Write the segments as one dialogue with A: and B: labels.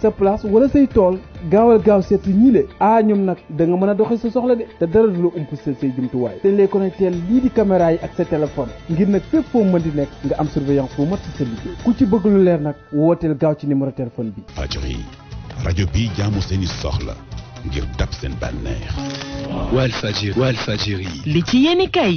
A: sa place wala say tool gaawal gaaw seet si ñii le ah, ñoom nag da nga mën a dox sa soxla de te dara du la ump sa say jumtuwaay te ñu lay connecté lii di caméra yi ak sa téléphone ngir nag fépp foo mën di nekk nga am surveillance bu mat sa liggéey ku ci bëgg lu leer nag wooteel gaaw ci numéro téléphone bi. rajo yi rajo bii jaamu seeni soxla ngir dab seen bànneex. Walfadjri Walfadjri li ci yéen kay.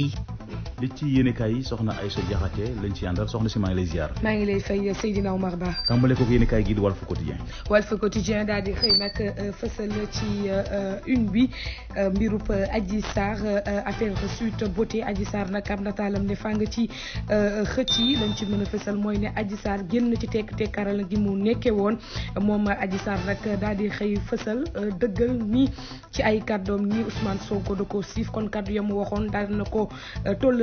A: li ci yéenekaay yi soxna Aïssa Diakhaté lañ ci àndal soxna si maa ngi lay ziar. maa ngi lay fay Seydina Omar Ba. tàmbale ko gi di Walf Quotidien. Walf Quotidien daal di xëy nag euh, fësal ci euh, une bi euh, mbirub Adji Sarr affaire suite beauté Adji Sarr nag am nataalam ne fàng ci xëcc yi lañ ci mën a fësal mooy ne Adji Sarr génn ci tekk tekkaral gi mu nekkee woon moom Adji Sarr nag daal di xëy fësal dëggal ni ci ay kàddoom ni Ousmane Sonko da ko siif kon kàddu ya mu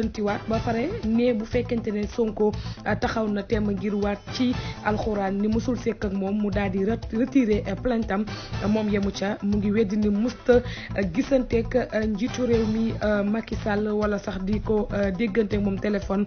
A: lijjantiwaat ba pare ne bu fekkente ne Sonko ah, taxaw na temm ngir waat ci alxuraan ni musul sekk ak moom mu daal di retiré eh, plainte am ah, moom yemu ca mu ngi weddi ni musta ah, gisanteek njiitu réew mi Macky Sall wala sax di ko déggante moom téléphone.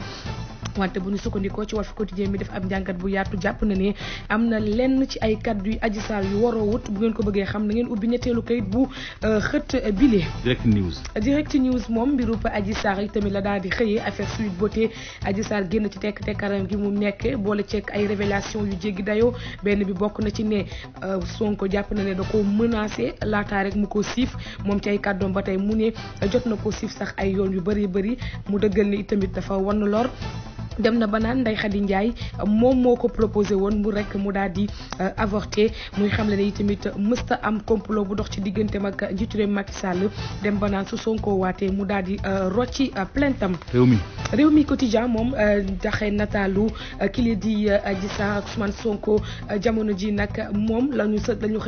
A: wante bu ñu sukkandikoo ci Walf Quotidien mi def ab njàngat bu yaatu jàpp na ne am na lenn ci ay kàddu yu Adji Sarr yu waroo wut bu ngeen ko bëggee xam na ngeen ubbi ñetteelu kayit bu euh, xët bile. direct news. moom mbiru Adji Sarr yi tamit la daal di xëyee affaire Sweet Beauté Adji Sarr génn ci tekk tekkaram gi mu nekk boole cekk ay révélation yu jéggi dayoo benn bi bokk na ci ne euh, Sonko jàpp na ne da koo menacé laataa rek mu ko siif moom ci ay kàddoom ba tey mu ne jot na ko siif sax ay yoon yu bëri bëri mu dëggal ni itamit dafa wan lor dem na ba naan Ndeye Khady Ndiaye moom moo ko proposé woon mu rek mu daal di euh, avorté muy xamle ne tamit mësta am complot bu dox ci diggante mag njiitu mag sàll dem ba naan su Sonko waatee mu daal di euh, rocci euh, plaintam réew mi réew mi moom daxee nataalu kili di Adji Sarr ak Sonko jamono ji nag moom la ñu së la ñu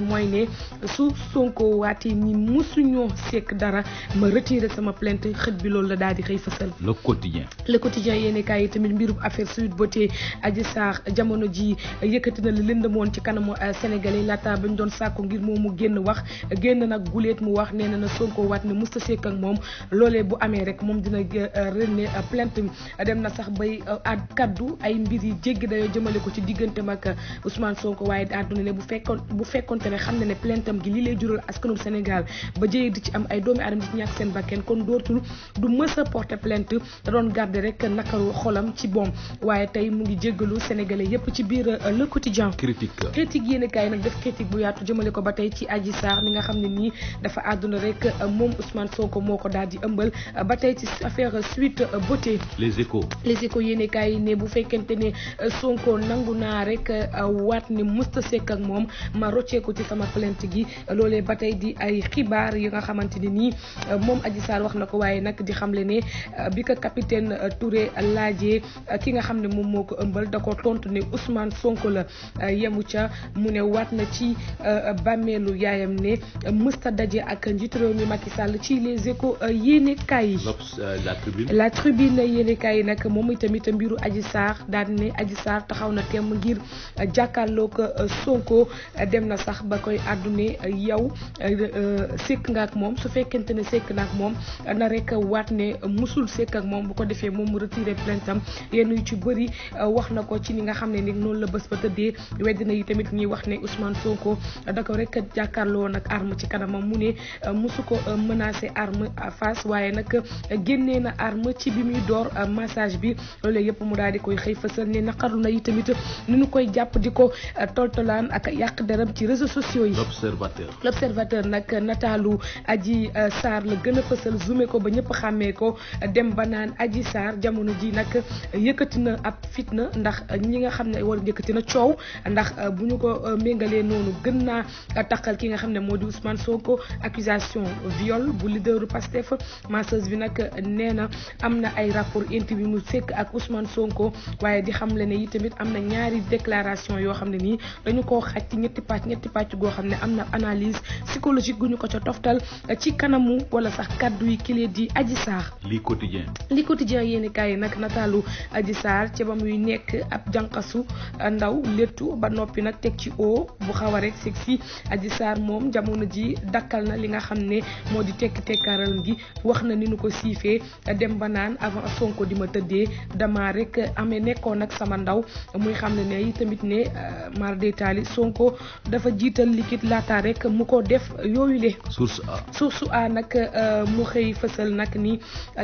A: mooy ne su Sonko waatee ñi mësuñoo sekk dara ma retiré sama plainte xët bi loolu la daal di xëy fësal le quotidien le quotidien yéen waaye tamit mbirum affaire Sweet Beauté Adji Sarr jamono ji yëkkati na la lëndamoon ci kanamu euh, Sénégalais laata bañ doon sàkku ngir moom mu génn wax génn nag guleet mu wax nee na na Sonko waat ne musta sekk ak moom loole bu amee rek moom dina euh, renne euh, plainte dem na sax bay at kaddu ay mbir yi jéggi dayoo jëmale ko ci diggante digganteem ak Ousmane Sonko waaye àdduna ne bu fekkoon bu fekkonte ne xam ne ne plaintam gi lii lay jural askanum Sénégal ba jëye di ci am ay doomi aadama di ci ñàkk seen bakken a porter plainte da doon xolam ci boom waaye tey mu ngi jéggalu sénégalais yépp ci biir euh, le quotidien critique critique yéen nag def critique bu yaatu jëmale ko ba tey ci Adji Sarr nga xam ne nii dafa àdduna rek euh, moom Ousmane Sonko moo ko daal di ëmbal euh, ba tey ci affaire suite beauté les échos les échos yéen kaay ne bu fekkente ne Sonko nangu naa rek waat ni musta sekk ak moom ma rocceeku ci sama plainte gi loolee ba tey di ay xibaar yi nga xamante ni nii moom Adji Sarr wax na ko waaye nag di xamle ne bi ko capitaine Touré laaj laajee ki nga xam ne moom moo ko ëmbal dako ko tontu ne Ousmane Sonko la euh, yemu ca mu ne waat na ci euh, bàmmeelu yaayam ne mësta daje ak njiitu réew mag i sàll ci les échos euh, yéene kaay yi la tribune la tribune yi nag moom itamit mbiru aji saax daan ne Adji Sarr taxaw na temm ngir jàkkaarloo ko Sonko dem na sax ba koy àddune yow sekk nga ak moom su fekkente ne sekk na moom na rek waat ne musul sekk ak moom bu ko defee moom mu retiré plainte itam yenn yu ci bëri euh, wax na ko ci ni nga xam ne ni noonu la bés ba tëddee weddi na yi tamit ñuy wax ne Ousmane Sonko ko rek jàkkaarloo nag arme ci kanamam mu ne euh, mosu ko euh, menacé arme face waaye nag génnee na arme ci bi muy door massage bi lool yëpp mu daal di koy xëy fësal ne naqarlu na yi tamit ni ñu koy jàpp di ko toltolaan ak yàq deram ci réseaux sociaux yi. l'observateur l'observateur nag nataalu Adji Sarr la gën a fësal zoomé ko ba ñëpp xàmmee ko dem ba naan Adji Sarr jamono ji nag rek yëkkati na ab fitna ndax ñi nga xam ne war yëkkati na coow ndax euh, bu ñu ko euh, méngalee noonu gën naa takkal ki nga xam ne moo di Ousmane Sonko accusation viol bu leaderu Pastef masseuse bi nag nee na am na ay rapport intime yu mu sekk ak Ousmane Sonko waaye di xam le ne yi tamit am na ñaari déclaration yoo xam ne nii dañu ko xaj ci ñetti pàcc ñetti pàcc goo xam ne am na analyse psychologique gu ñu ko ca toftal ci kanamu wala sax kaddu yi kile di Adji Sarr natalu Adji Sarr ca ba muy nekk ab jànqasu euh, ndaw léttu ba noppi nag teg ci o bu xaw a rek sexy Adji moom jamono ji dakkal na li nga xam ne moo di tekki tekkaaral gi wax na ni nu ko siifee dem ba naan avant Sonko di ma tëddee dama rek amee nekkoon ak sama ndaw muy xam ne ne tamit ne euh, mar Sonko dafa jiital likit laata rek mu ko def yooyu le source a source a nag euh, mu xëy fësal nag ni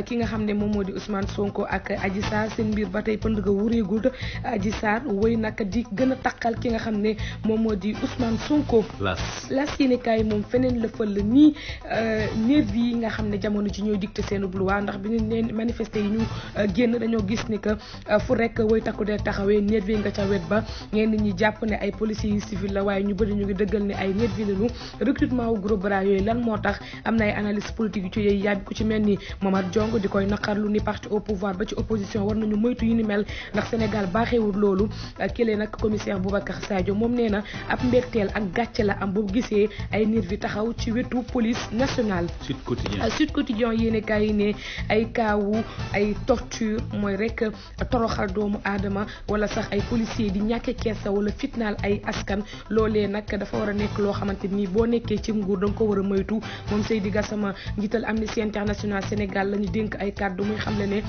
A: ki nga xam ne moom moo di Ousmane Sonko ak Adji Aïssata seen mbir ba tey pënd ga wureegul Adji Sarr woy nag di gën a ki nga xam ne moom moo di Ousmane Sonko. las las yéenekaay moom feneen la fël nii euh, nervi yi nga xam ne jamono ci ñooy dicté seen loi ndax bi ñu leen manifesté yi ñu euh, génn dañoo gis ni que euh, fu rek woy takku de taxawee nervi nga ca wet ba ñenn ñi jàpp ne ay policiers yu civil la waaye ñu bëri ñu ngi dëggal ne ay nervi lañu recrutement gros bras yooyu lan moo tax am na ay analyse politique yu ci yooyu yàgg ku ci mel ni Momar Diongue di koy population war nañu moytu yu ni mel ndax Sénégal baaxeewul loolu kële nag commissaire bakka Sadio moom nee na ab mbégteel ak gàcce la am boobu gisee ay nervi taxaw ci wetu police nationale. Sud Quotidien euh, Sud Quotidien yi ne ay kaawu ay torture mooy rek toroxal doomu aadama wala sax ay policier di ñàkke keesa wala fitnaal ay askan loolee nag dafa war a nekk loo xamante ni boo nekkee ci nguur danga ko war a moytu moom Seydi Gassama njiital Amnesty International Sénégal la ñu dénk ay kàddu muy xamle ne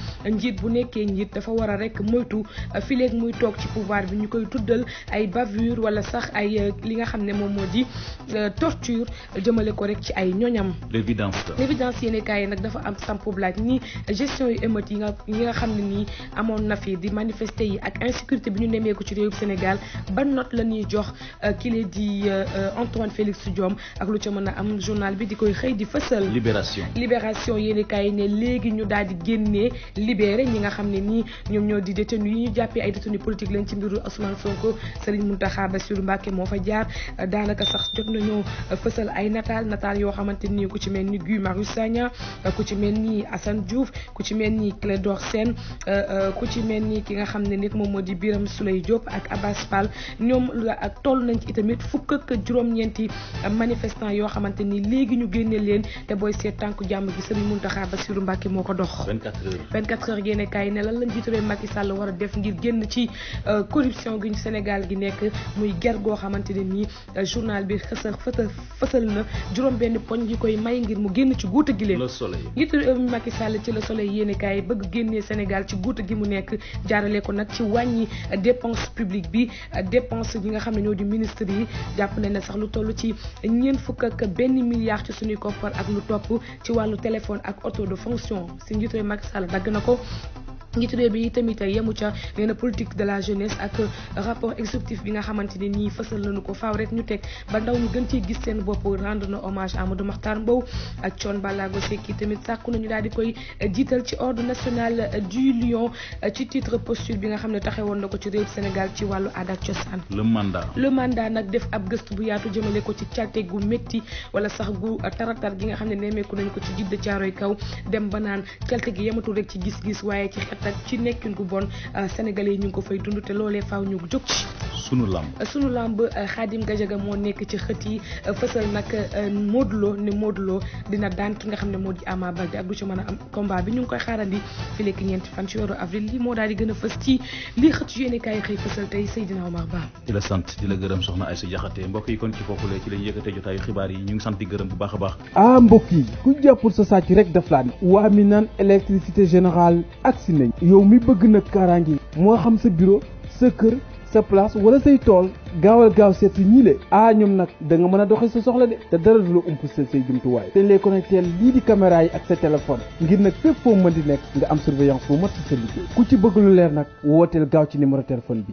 A: nekkee njiit dafa war a rek moytu euh, fileeg muy toog ci pouvoir bi ñu koy tuddal ay bavure wala sax ay euh, li nga xam ne moom moo di euh, torture jëmale ko rek ci ay ñoñam. l'évidence l'évidence yéen kaay nag dafa am sampu laaj ni gestion yu émeute yi nga yi nga xam ne nii amoon na fi di manifester yi ak insécurité bi ñu nemmeeku ci réewum Sénégal ban la ñuy jox kii di Antoine Félix lu ca mën am journal bi di koy xëy léegi ñu daal di libéré ñi nga xam xam ne nii ñoom ñoo di détenu yi ñu jàppee ay détenu politique lañ ci mbiru Ousmane Sonko Serigne Mountakha Bassirou Mbacké moo fa jaar daanaka sax jot nañoo fësal ay nataal nataal yoo xamante nii ku ci mel ni Guy Marius Sagna ku ci mel ni Assane ku ci mel ni Clédor Sène euh, euh, ku ci mel ni ki nga xam ne nit moom moo di Birame Souleye Diop ak Abbas Fall ñoom ak toll nañ ci itamit fukk ak juróom-ñeenti manifestant yoo xamante ni léegi ñu génne leen te booy seet tànku jàmm gi Serigne Mountakha Bassirou Mbacké moo ko dox ne lan lañ jiitu réew Macky Sall war a def ngir génn ci euh, corruption gi ñu Sénégal gi nekk muy ger goo xamante ne nii euh, journal bi xësa fësal na juróom benn poñ gi koy may ngir mu génn ci guuta gi leen njiitu réew mi Sall ci Le Soleil yéene kaay bëgg génnee Sénégal ci guuta gi mu nekk jaarale ko nag ci wàññi euh, dépense publique bi dépense yi nga xam ne ñoo di ministre yi jàpp nañ ne sax lu toll ci ñeent fukk ak benn milliard ci suñuy koppar ak lu topp ci wàllu téléphone ak auto de fonction si njiitu réew Macky na ko njiitu réew bi tamit yemu ca nee na politique de la jeunesse ak rapport exécutif bi nga xamante ne nii fësal nañu ko faaw rek ñu teg ba ndaw ñu gën cee gis seen bopp rendre na hommage Amadou Makhtar Mbow ak Thione Ballago Seck tamit sàkku nañu daal di koy jiital ci ordre national du lion ci titre posture bi nga xam ne taxewoon na ko ci réew Sénégal ci wàllu aada ak cosaan le mandat le nag def ab gëstu bu yaatu jëmale ko ci calte gu métti wala sax gu taratar gi nga xam ne nemeeku nañ ko ci jidd caaroy kaw dem ba naan calte gi yematul rek ci gis-gis waaye ci nag ci nekkin gu bon euh, sénégalais yi ñu ngi ko fay dund te loolee faaw ñu jóg ci. sunu lamb sunu lamb euh, Khadim Gadiaga moo nekk ci xët yi euh, fësal nag Modou Lo ne Modou Lo dina daan ki nga xam ne moo di Ama Baldé am combat bi ñu ngi koy xaarandi fii léegi ñeenti fan ci weeru avril lii moo daal di gën a fës ci lii xët yu yéene kaay xëy fësal tey Seydina Omar Ba. di la sant di la gërëm soxna Aïssa Diakhaté mbokk yi kon ci foofu la ci lañ yëkkatee jotaayu xibaar yi ngi sant di gërëm bu baax a baax. ah mbokk ku jàppul sa sàcc rek daf laan waa mi naan électricité générale agsi nañ yow mi bëgg nag kaaraange moo xam sa bureau sa kër sa place wala say tool gaawal gaaw seet si ñii le ah ñoom nag da nga mën a doxe sa soxla de te dara du la ump sa say jumtuwaay te ñu lay connecté lii di caméra yi ak sa téléphone ngir nag fépp foo mën di nekk nga am surveillance bu mat si sa liggéey ku ci bëgg lu leer nag wooteel gaaw ci numéro téléphone bi